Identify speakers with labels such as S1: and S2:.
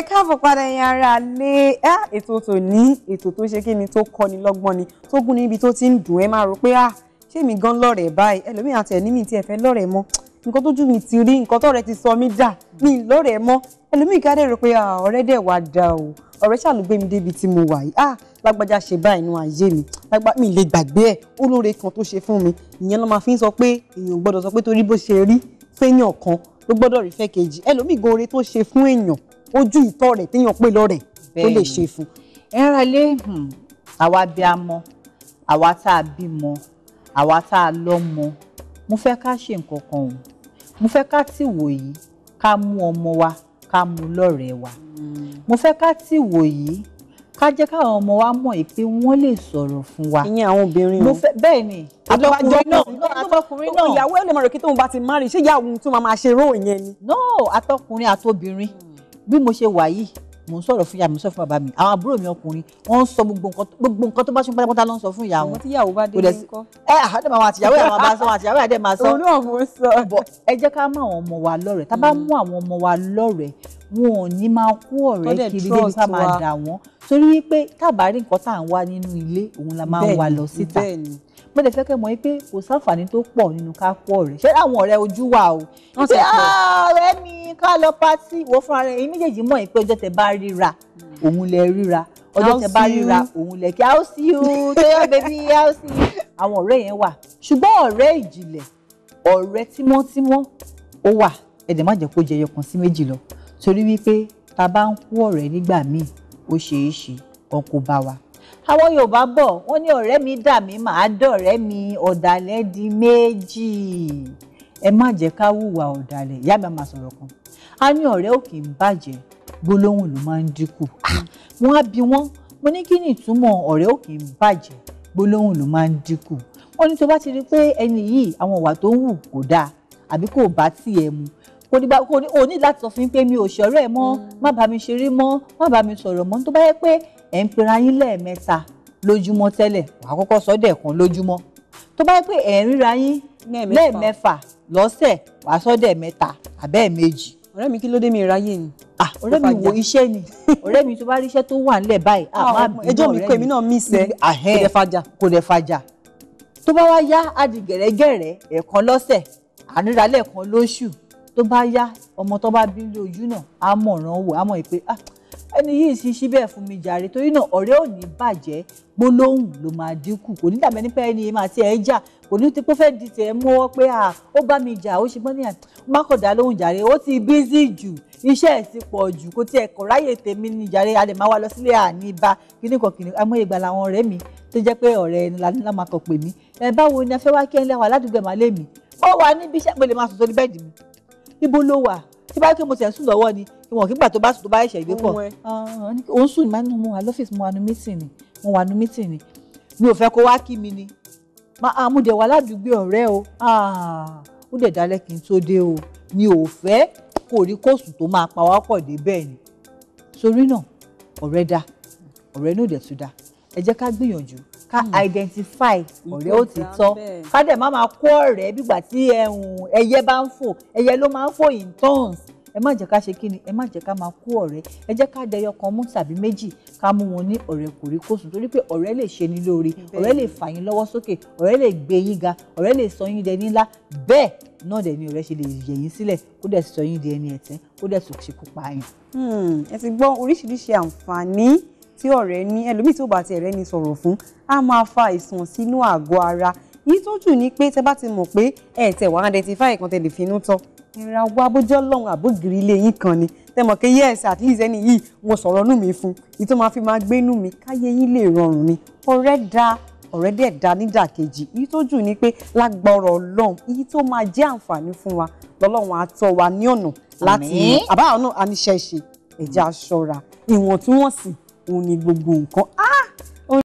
S1: ẹ káàbọ̀ padà yẹn ara lé ètò tó ní ètò tó ṣe kí ni tó kọ́ni lọ́gbọ́n ni tó gún ní tó ti ń dùn ẹ máa rò pé à ṣé mi gan lọ́rẹ̀ẹ́ báyìí ẹlòmíì àti ẹ̀ní mi ti ẹ̀fẹ́ lọ́rẹ̀ẹ́ mọ́ nǹkan tójú mi ti rí nǹkan tọ́rẹ́ ti sọ mí dà mí lọ́rẹ̀ẹ́ mọ́ ẹlòmíì ká dẹ̀ rò pé à ọ̀rẹ́ dẹ̀ wá da o ọ̀rẹ́ ṣàlùgbé mi débi tí mo wà yìí à lágbájá ṣe báyìí nínú ayé mi lágbá mi lè gbàgbé ẹ̀ olóore kan tó ṣe fún mi ìyẹn ló máa fi ń sọ pé èèyàn gbọ́dọ̀ sọ pé torí bó ṣe rí séèyàn kan ló gbọ́dọ̀ rí fẹ́ kejì ẹlòmíì gan oore tó ṣe fún èèyàn ojú ìtọ́ rẹ̀ téèyàn pè lọ́rẹ̀ tó lè ṣe fún. ẹran ilé hmm, àwa bí a
S2: mọ àwa tá a bímọ àwa tá a lọ́mọ mo fẹ́ ká ṣe nǹkan kan o mo fẹ́ ká tì wò yìí ká mú ọmọ wa ká mú lọ́rẹ̀ẹ́ wa hmm. mo fẹ́ ká tì wò yìí ká jẹ́ káwọn ọmọ wa mọ̀ yìí pé wọ́n lè sọ̀rọ̀ fún wa.
S1: ìyẹn àwọn obìnrin o. bẹ́ẹ̀ ni àtọkùnrin náà àtọkùnrin náà. ìyàwó ẹ̀ lè mọ̀ rẹ̀ kí tóun bá ti má rí ṣé ìyá òun tún máa ṣe róò yẹn ni. no àtọkùnrin àtobìnrin. Mm bí mo
S2: ṣe wà yìí mò ń sọ̀rọ̀ fún ìyá mi sọ fún bàbá mi àwọn àbúrò mi ọkùnrin wọ́n ń sọ gbogbo nǹkan gbogbo nǹkan tó bá ṣe pátápátá ló ń sọ fún ìyá wọn. àwọn tíyàwó bá dé ní kọ́. ẹ àdèmọ àwọn àtìyàwó ẹ máa bá sọ àtìyàwó ẹ dẹ máa sọ. òun náà mo sọ. àwọn ọmọ wa lọ́rẹ̀ẹ́ tá a bá hmm. mú àwọn ọmọ wa lọ́rẹ̀ẹ́ wọn ò ní máa kó ọ̀rẹ́ kiri ká máa dà wọ́n torí wípé tá à ń wá nínú ilé òun la máa ń wá lọ síta mo lè fẹ́ kẹ́ mọ̀ pé kò sáǹfààní tó pọ̀ nínú ká kó ọ̀rẹ́ ṣé àwọn ọ̀rẹ́ ojú wa o. wọ́n ti pọ̀ ah, ọ̀rẹ́ mi ní ká lọ pátì wọ fúnra rẹ̀ yín méjèèjì mọ̀ pé ọjọ́ tẹ́ bá ríra òun lẹ ríra ọjọ́ tẹ́ bá ríra òun lẹ kí how see you tóyọ́ bẹ́bí how see you àwọn ọ̀rẹ́ yẹn wà ṣùgbọ́n ọ̀rẹ́ ìjìnlẹ̀ ọ̀rẹ́ tímọ́tímọ́ ó wà ẹ̀dẹ̀ má jẹ́ kó jẹyọ kan sí méjì lọ torí wípé ta bá ń kú ọ̀rẹ́ nígbà míì ó ṣeé ṣe wọn kò bá wa àwọn yorùbá bọ̀ wọ́n ní ọ̀rẹ́ mi dà mí màá dọ̀rẹ́ mi ọ̀dàlẹ̀ di méjì ẹ má jẹ́ ká hùwà ọ̀dàlẹ̀ ìyá mi máa kan a ní ọ̀rẹ́ ò kì í bàjẹ́ gbólóhùn ló máa ń dínkù ah. wọ́n á bi wọ́n mo ní kí ni ìtumọ̀ ọ̀rẹ́ ò kì í bàjẹ́ gbólóhùn ló máa ń dínkù wọ́n ní tó bá ti rí pé ẹni yìí àwọn ìwà tó ń wù kò dáa àbí kò bá tiẹ̀ mu kò ní o ní láti sọ fún mi pé mi ò ṣọ̀rẹ́ ẹ mọ́ mm. má bá mi ṣeré mọ́ má bá mi sọ̀rọ̀ mọ́ tó bá yẹ pé ẹ̀ ń pera yín lẹ́ẹ̀mẹ́ta lójúmọ́ tẹ́lẹ̀ wàá kọ́kọ́ sọ́dẹ̀ kan lójúmọ́ tó bá yẹ pé ẹ̀ ń ríra yín lẹ́ẹ̀mẹ́fà lọ́sẹ̀ wàá sọ́dẹ̀ mẹ́ta àbẹ́ẹ̀ méjì ọ̀rẹ́ mi kí ló dé mi ráyè ni. Ah, ah, ọ̀rẹ́ mi wo iṣẹ́ ni ọ̀rẹ́ mi tó bá rí iṣẹ́ tó wà nílẹ̀ báyìí a ah, máa bínú ọ̀rẹ́ mi. ẹjọ́ mi pé èmi náà mí sẹ́ kò dẹ̀ eh, fajà. kò dẹ̀ fajà tó bá wá yá á di gẹ̀rẹ́gẹ̀rẹ́ ẹ̀ẹ̀kan lọ́sẹ̀ àríra lẹ́ẹ̀kan lóṣù tó bá yá ọmọ tó bá bí lójú náà á mọ̀ràn wò á mọ̀ pé ah ẹni yìí sì ṣí bẹ́ẹ̀ fún mi jàre torí náà ọ̀rẹ́ ò ní bàjẹ́ gbólóhùn ló máa dínkù kò ní dàbẹ́ nípa ẹni yìí máa ti ẹ̀ jà kò ní ti pé fẹ́ di tiẹ̀ mọ́wọ́ pé à ó bá mi jà ó ṣe gbọ́n níyà má kọ̀ dá lóhùn jàre ó ti bízì jù iṣẹ́ ẹ̀ ti pọ̀ jù kò tiẹ̀ kọ̀ ráyè tèmi ní jàre a lè máa wá lọ sílé àní bá kíní kan kìnìún amóye gbà làwọn ọ̀rẹ́ mi tó jẹ́ pé ọ̀rẹ́ ẹni lá máa kọ̀ pè mí ẹ báwo ni afẹ́ wá kí ẹ lẹ́wà ládùúgbò ẹ̀ máa lé mi ó wà níbi iṣẹ́ pé lè máa sùn sórí bẹ́ẹ̀dì tí bá ké mo tiẹ̀ sùn lọ́wọ́ ni ìwọ̀n kígbà tó bá sùn tó bá ẹ̀ṣẹ̀ ìgbé pọ̀ òun sùn ní mo wà lọ́fíìsì mo wà ní mítìn ni mo wà ní mítìn ni mi ò fẹ́ kó wá kí mi ni mo dẹ̀ wà ládùúgbò ọ̀rẹ́ o ó dẹ̀ dalẹ̀ kí n tó dé o mi ò fẹ́ kó rí kóòsù tó máa pa wá pọ̀ dé bẹ́ẹ̀ ni torí náà ọ̀rẹ́ da ọ̀rẹ́ náà dẹ̀ tún da ẹ jẹ́ ká gbìyànjú ká hmm. identify ọ̀rẹ́ òtítọ́ ká dẹ̀ má máa kó ọ̀rẹ́ bígbà tí ẹyẹ bá ń fò ẹyẹ ló máa ń fò in tons ẹ má jẹ́ ká ṣe kí ni ẹ má jẹ́ ká máa kó ọ̀rẹ́ ẹ jẹ́ ká dẹyọ kan mú tàbí méjì ká mú wọn ní ọ̀rẹ́ kòríkòsùn torí pé ọ̀rẹ́ lè ṣe ni lóore ọ̀rẹ́ lè fà yín lọ́wọ́ sókè ọ̀rẹ́ lè gbé yín ga ọ̀rẹ́ lè sọ yín dẹni ńlá bẹ́ẹ̀ náà dẹ̀ ọ̀rẹ́ ṣe lè yẹ̀ yín sílẹ̀ kó dẹ̀ sọ yín di ẹni ẹ̀tẹ́ kó dẹ̀ sùn ṣekú pa yín.
S1: Hmm. ẹ ti gbọ́ oríṣiríṣi àǹfààní tí ọ̀rẹ́ ní ẹlòmíì tí ò bá ti ẹ̀rẹ́ ni sọ̀rọ̀ fún á máa fa ìsàn sínú àgọ́ ara yìí tó jù ní pé tẹ bá ti mọ̀ pé ẹ̀ tẹ̀ wá identify kan tẹ lè finú tọ́ ìra wa bójú ọlọ́run àbógiri ilé yín kan ni tẹ mọ̀ pé yes at least ẹni yìí mo sọ̀rọ̀ nù mí fún yìí tó máa fi máa gbé nù mí káyé yín lè rọrùn ni ọ̀rẹ́ da ọ̀rẹ́ dẹ̀ da nídàkejì yìí tó jù ní pé lágbọ́rọ̀ ọlọ́run yìí tó máa jẹ́ àǹfààní fún wa lọ́lọ́run á wa ní ọ̀nà láti àbáwọn náà ẹ̀já ṣọ́ra ìwọ̀ntúnwọ̀nsì òun ni gbogbo nǹkan ah